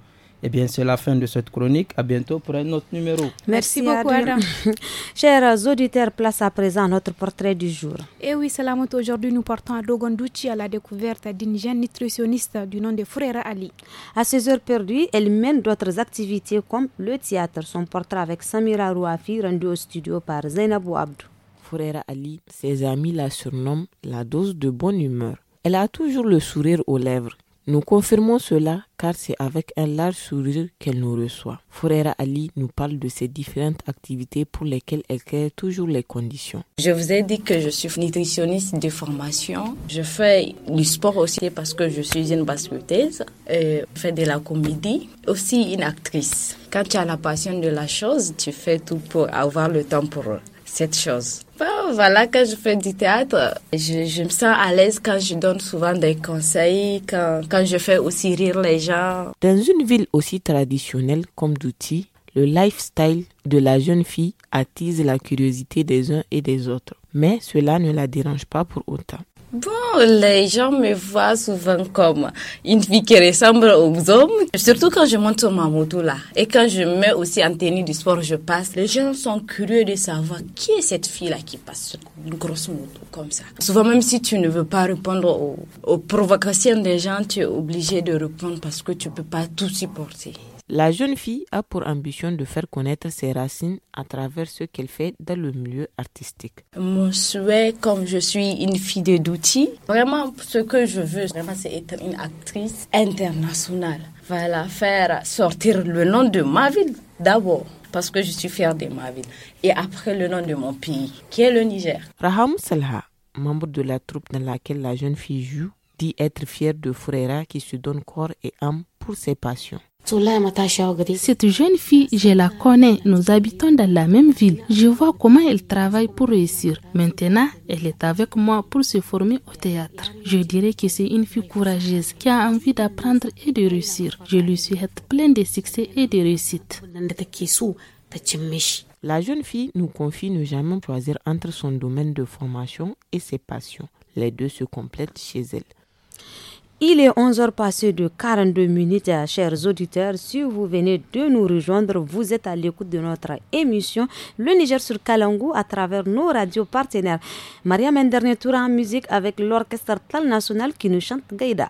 Eh bien, c'est la fin de cette chronique. À bientôt pour un autre numéro. Merci, beaucoup, Adam. Chers auditeurs, place à présent notre portrait du jour. Eh oui, moto. aujourd'hui nous partons à Dogondouchi à la découverte d'une jeune nutritionniste du nom de Frère Ali. À ses heures perdues, elle mène d'autres activités comme le théâtre. Son portrait avec Samira Rouafi, rendu au studio par Zainabou Abdou. Frère Ali, ses amis la surnomment la dose de bonne humeur. Elle a toujours le sourire aux lèvres nous confirmons cela car c'est avec un large sourire qu'elle nous reçoit. frère Ali nous parle de ses différentes activités pour lesquelles elle crée toujours les conditions. Je vous ai dit que je suis nutritionniste de formation. Je fais du sport aussi parce que je suis une basketteuse. Je fais de la comédie, aussi une actrice. Quand tu as la passion de la chose, tu fais tout pour avoir le temps pour cette chose. voilà, quand je fais du théâtre, je, me sens à l'aise quand je donne souvent des conseils, quand, quand je fais aussi rire les gens. Dans une ville aussi traditionnelle comme Douti, le lifestyle de la jeune fille attise la curiosité des uns et des autres. Mais cela ne la dérange pas pour autant. Bon, les gens me voient souvent comme une fille qui ressemble aux hommes. Surtout quand je monte sur ma moto là. Et quand je mets aussi en tenue du sport, je passe. Les gens sont curieux de savoir qui est cette fille là qui passe sur une grosse moto comme ça. Souvent, même si tu ne veux pas répondre aux, aux provocations des gens, tu es obligé de répondre parce que tu ne peux pas tout supporter. La jeune fille a pour ambition de faire connaître ses racines à travers ce qu'elle fait dans le milieu artistique. Mon souhait, comme je suis une fille de d'outils, vraiment ce que je veux, c'est être une actrice internationale. Voilà, faire sortir le nom de ma ville d'abord parce que je suis fière de ma ville. Et après, le nom de mon pays, qui est le Niger. Raham Salha, membre de la troupe dans laquelle la jeune fille joue, dit être fière de Frera qui se donne corps et âme pour ses passions. Cette jeune fille, je la connais, nous habitons dans la même ville. Je vois comment elle travaille pour réussir. Maintenant, elle est avec moi pour se former au théâtre. Je dirais que c'est une fille courageuse qui a envie d'apprendre et de réussir. Je lui souhaite plein de succès et de réussite. La jeune fille nous confie ne jamais choisir entre son domaine de formation et ses passions. Les deux se complètent chez elle. Il est 11h passé de 42 minutes, euh, chers auditeurs. Si vous venez de nous rejoindre, vous êtes à l'écoute de notre émission Le Niger sur Kalangou à travers nos radios partenaires. Mariam, un dernier tour en musique avec l'orchestre Tal National qui nous chante Gaïda.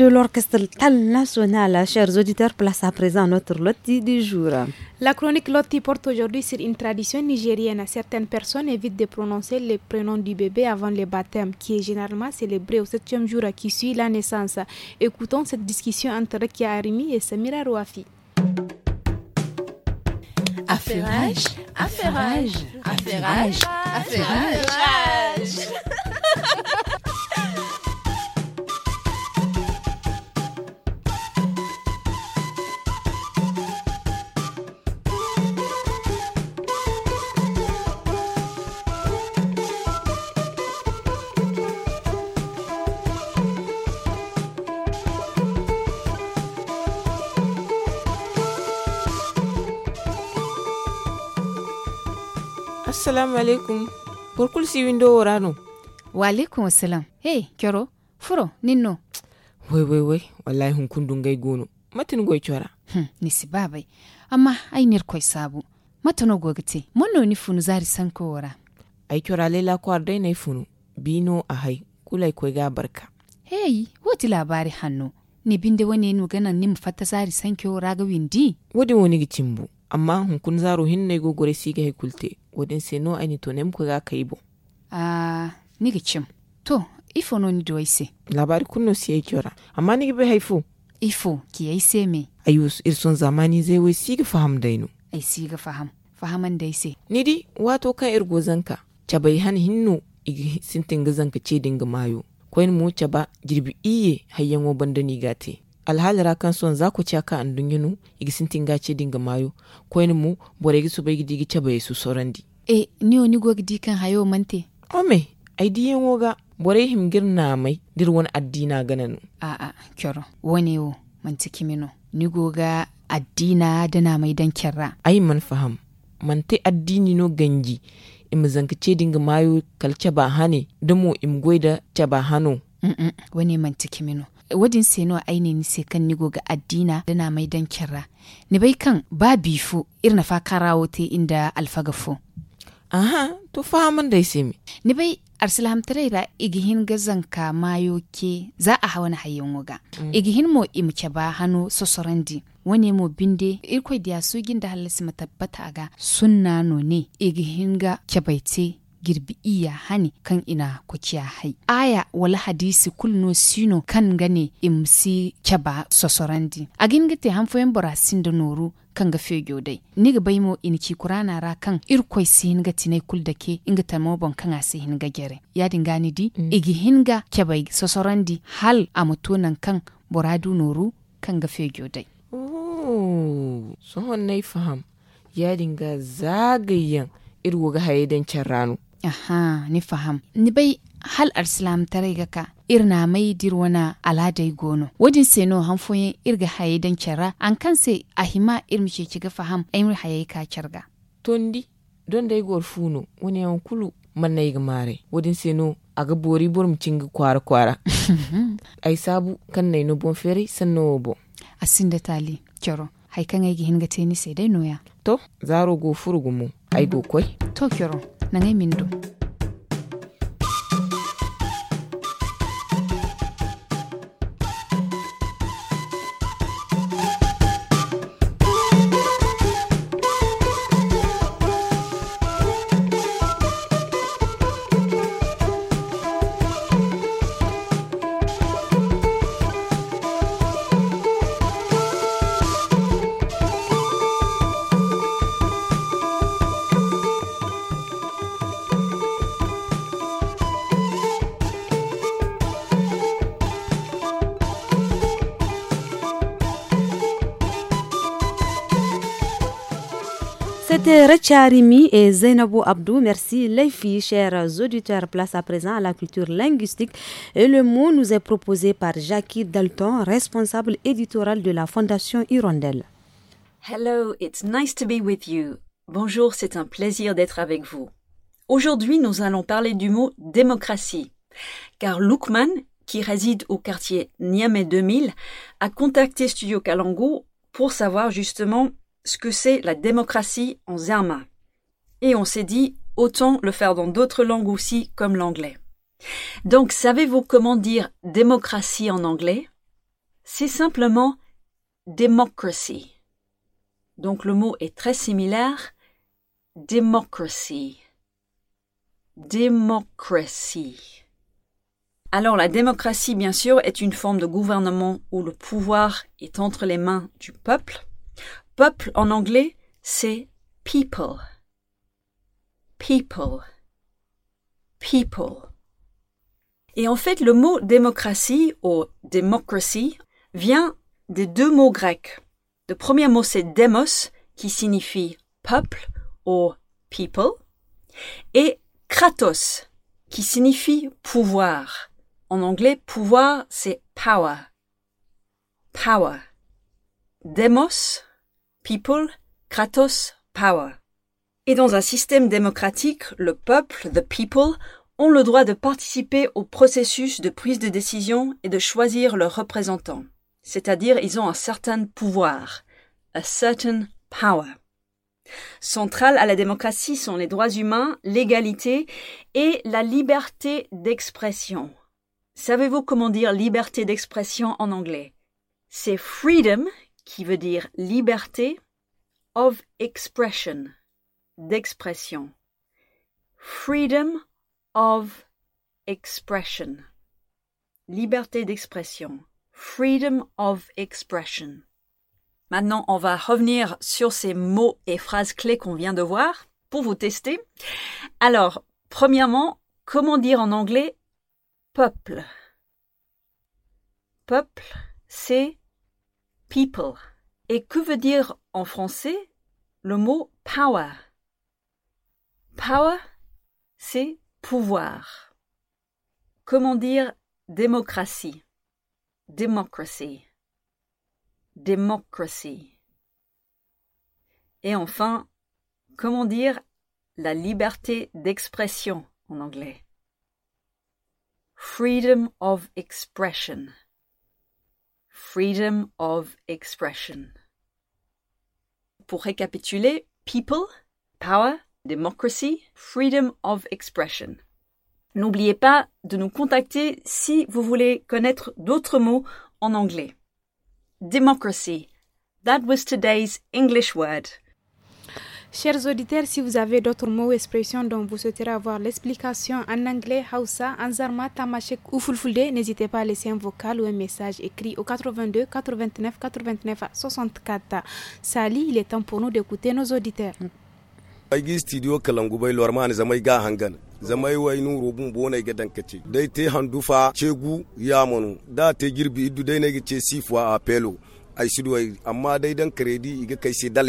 de l'orchestre Tal National, chers auditeurs, place à présent notre loti du jour. La chronique loti porte aujourd'hui sur une tradition nigérienne. Certaines personnes évitent de prononcer les prénoms du bébé avant le baptême, qui est généralement célébré au septième jour qui suit la naissance. Écoutons cette discussion entre Rekia Arimi et Samira Rouafi. assalamu alaikum burkul si windo worano wa alaikum assalam hey kyoro furo ninno wai wai wai wallahi hunkun dungai gono matin goy kyora hmm, nisi babai amma ai nir koy sabu matano gogite monno ni funu zari sanko wora ai kyora lela ko ardai nai funu bino a hai kulai koy ga barka hey wati labari hannu ni binde wani nu ganan ni mu fatta zari sanko wora ga windi wodi woni gicimbu Ama, hunkun zaro hinne go gore siga he kulte se no ani to nem Ah ga kai to ifo no ni do ise labari kunno si e chora. amma haifu ifo ki A se me ayus irson zamani we we siga faham dainu ai siga faham fahaman se nidi wato kan irgo zanka cabai igi sintin gazanka ce dinga mayo koyin mu iye hayyan wo bandani gate alhalira kan son za ku caka an igi sun tinga ce dinga mayo ko yin mu bore gi su bai digi ce bai su di. e ni oni go gidi kan hayo mante ome ai di yin woga bore him girna mai dir wani addina gananu a a kyoro wani wo mante kimino ni goga addina da na mai dan kyarra. ai man faham mante addini no ganji im ce dinga mayo kalce ba hane dumo im goida ce ba hano mm -mm. wani kimino wadin seno a ni se kan nigo ga addina Da na mai dan kira ni bai kan ba bifo irna fa karawo te inda alfagafo aha to fahaman dai semi ni bai arsilam ra. igihin gazan ka mayo ke za a hawa na hayan wuga mm. igihin mo imke ba hannu sosorandi wani mo binde irkoi da su ginda halasi matabbata ga sunna no ne igihin ga kebaite girbi iya hani kan ina kukiya hai aya wala hadisi kulno sino kan gane imsi keba sosorandi agin gite hanfoyen borasin da noru kan ga fegyo dai ni ga baimo in ki kurana ra kan irkwai si hinga tinai kul da ke inga tamo bon kan asi hinga gere ya dingani di mm. igi hinga ga sosorandi hal a mutunan kan boradu noru kan ga fegyo dai oh so hon faham ya dinga zagayen irwo ga hayedan can aha ni faham ni bai hal arsilam tare ka irna mai dirwana aladai gono wadin seno hanfoyin irga haye dan cara an kanse ahima irmice kiga faham aimir haye ka carga tondi don dai gor funo wani yan kulu manna yi mare wadin seno a ga bori burin cinga kwara kwara ai sabu kan nai no bon feri sanno bo asinda tali cero haikan ai gihin gate ni sai dai noya to zaro go furgumu ai mhm. koi to kiro nangai mindo C'était Rimi et Zainabou Abdou. Merci les filles, chers auditeurs. Place à présent à la culture linguistique. Et le mot nous est proposé par Jackie Dalton, responsable éditorial de la Fondation Hirondelle. Hello, it's nice to be with you. Bonjour, c'est un plaisir d'être avec vous. Aujourd'hui, nous allons parler du mot démocratie. Car Lukman, qui réside au quartier Niamey 2000, a contacté Studio Kalango pour savoir justement ce que c'est la démocratie en Zerma. Et on s'est dit, autant le faire dans d'autres langues aussi, comme l'anglais. Donc, savez-vous comment dire démocratie en anglais C'est simplement democracy. Donc, le mot est très similaire. Democracy. Démocratie. Alors la démocratie, bien sûr, est une forme de gouvernement où le pouvoir est entre les mains du peuple. Peuple en anglais, c'est people. People. People. Et en fait, le mot démocratie ou democracy vient des deux mots grecs. Le premier mot, c'est demos, qui signifie peuple ou people, et kratos, qui signifie pouvoir. En anglais, pouvoir, c'est power. Power. Demos, People, Kratos, Power. Et dans un système démocratique, le peuple, the people, ont le droit de participer au processus de prise de décision et de choisir leurs représentants. C'est-à-dire, ils ont un certain pouvoir. A certain power. Central à la démocratie sont les droits humains, l'égalité et la liberté d'expression. Savez-vous comment dire liberté d'expression en anglais? C'est freedom qui veut dire liberté of expression, d'expression. Freedom of expression. Liberté d'expression. Freedom of expression. Maintenant, on va revenir sur ces mots et phrases clés qu'on vient de voir pour vous tester. Alors, premièrement, comment dire en anglais peuple Peuple, c'est people. Et que veut dire en français le mot power Power, c'est pouvoir. Comment dire démocratie Democracy. Democracy. Et enfin, comment dire la liberté d'expression en anglais Freedom of expression. Freedom of expression. Pour récapituler, people, power, democracy, freedom of expression. N'oubliez pas de nous contacter si vous voulez connaître d'autres mots en anglais. Democracy. That was today's English word. Chers auditeurs, si vous avez d'autres mots ou expressions dont vous souhaiterez avoir l'explication en anglais, Hausa, Anzarma, tamachek ou Fulfulde, n'hésitez pas à laisser un vocal ou un message écrit au 82 89 89 64. Sali, il est temps pour nous d'écouter nos auditeurs. aigi studio kalangu bai lor mani zamai ga hangan zamai wai nu robun bona ga dankace dai te handufa cegu ya monu da te girbi idu dai ne ce sifwa a pelo amma dai dan kredi iga kai dal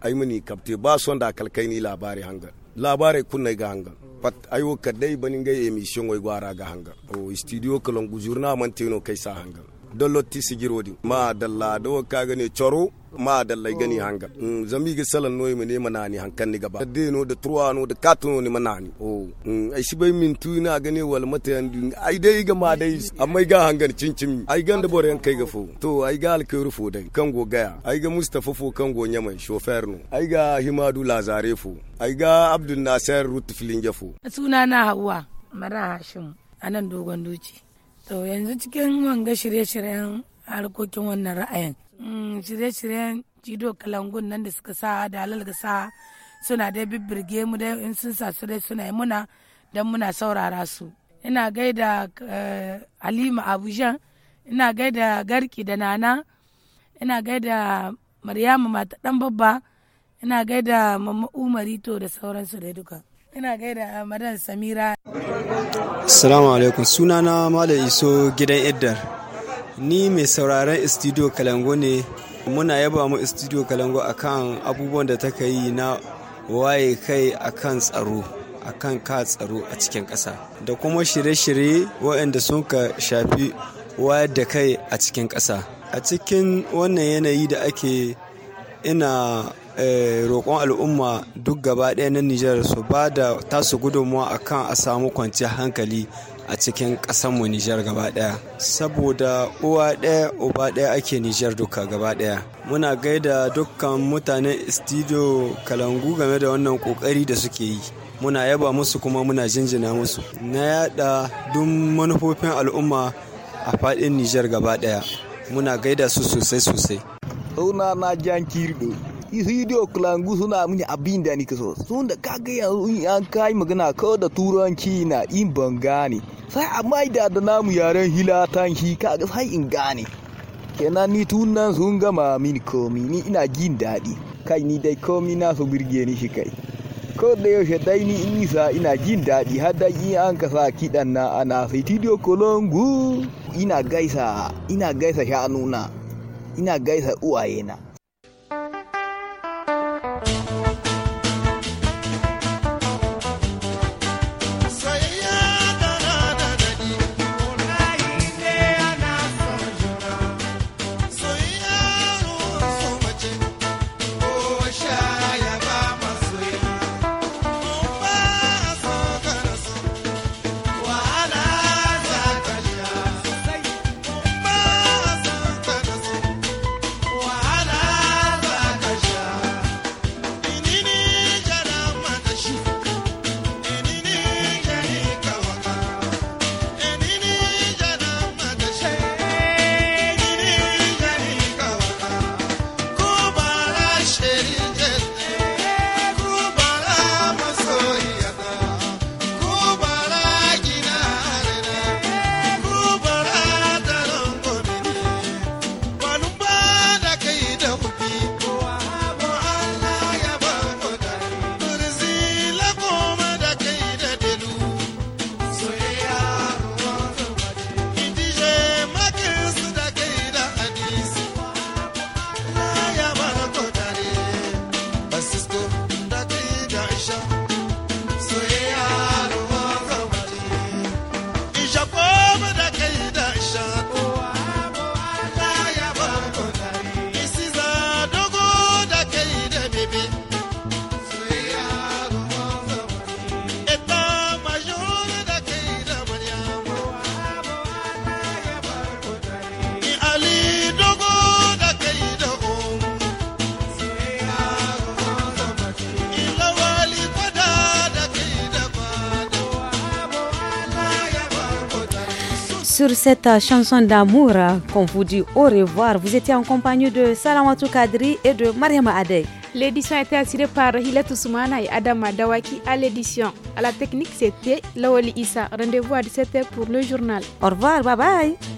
ai mini kapte ba son da kalkai ni labari hanga labari kunna ga hanga pat ayo kadai banin ga emission wai gwara ga hanga o studio kolon gujurna man teno kai sa hanga dolotti sigirodi ma dalla do ka gane choro ma dalla gani oh. hanga mm, zami ga salan noy mene manani hankan ni gaba de no da truwa no da no ni manani o oh. mm, ai shi bai min tu na gane wal mata yan ai dai ga ma dai amma ga hangan cincimi ai gan da bore kai ga fo to ai ga alkairu fo dai kan go gaya ai ga mustafa fo kan go nyamai chauffeur no ai ga himadu lazare fo ai ga abdul nasir rutfilin jafo suna na hawa mara hashim anan dogon duci To yanzu cikin wanga shirye-shiryen harkokin wannan ra'ayin. Mm, shirye-shiryen jido kalangun nan da suka sa da halal sa suna dai bibbirge mu dai in sun sa su dai suna yi muna don muna saurara su. Ina gaida eh, Halima Abujan, ina gaida Garki da Nana, ina gaida Maryamu mata dan babba, ina gaida Mamma Umarito da sauransu dai duka. ina gaida madan samira assalamu alaikum sunana malam iso gidan iddar ni mai sauraron studio kalango ne muna yaba mu studio kalango akan abubuwan da ta yi na waye kai akan tsaro akan ka tsaro a cikin ƙasa da kuma shirye-shirye waɗanda sun ka shafi wayar da kai a cikin ƙasa a cikin wannan yanayi da ake ina Eh, roƙon al'umma duk gaba ɗaya na Nijar su ba da tasu gudunmuwa kan a samu kwanciyar hankali a cikin ƙasanmu Nijar gaba ɗaya. Saboda uwa ɗaya uba ɗaya ake Nijar duka gaba ɗaya. Muna gaida dukkan mutanen studio Kalangu game da wannan ƙoƙari da suke yi. Muna yaba musu kuma muna jinjina musu. Na yaɗa duk manufofin al'umma a faɗin Nijar gaba ɗaya. Muna gaida su sosai sosai. Suna na Jan Kirdo. studio kalangu suna mini abin da nika so sun da kaga yanzu in an kai magana ko da turanci na in ban gane sai a mai da namu yaren hilatan shi kaga sai in gane kenan ni tunan sun gama mini komi ni ina jin daɗi kai ni dai komi na su birge ni shi kai ko da yaushe dai ni in nisa ina jin daɗi har da in an kasa kiɗan na ana studio kolongu ina gaisa ina gaisa shanuna ina gaisa uwayena cette chanson d'amour qu'on vous dit au revoir. Vous étiez en compagnie de Salamatou Kadri et de Mariama Adey. L'édition a été assurée par Hilatou Soumana et Adama Dawaki à l'édition. À la technique, c'était Lawali Issa. Rendez-vous à 17h pour le journal. Au revoir, bye bye.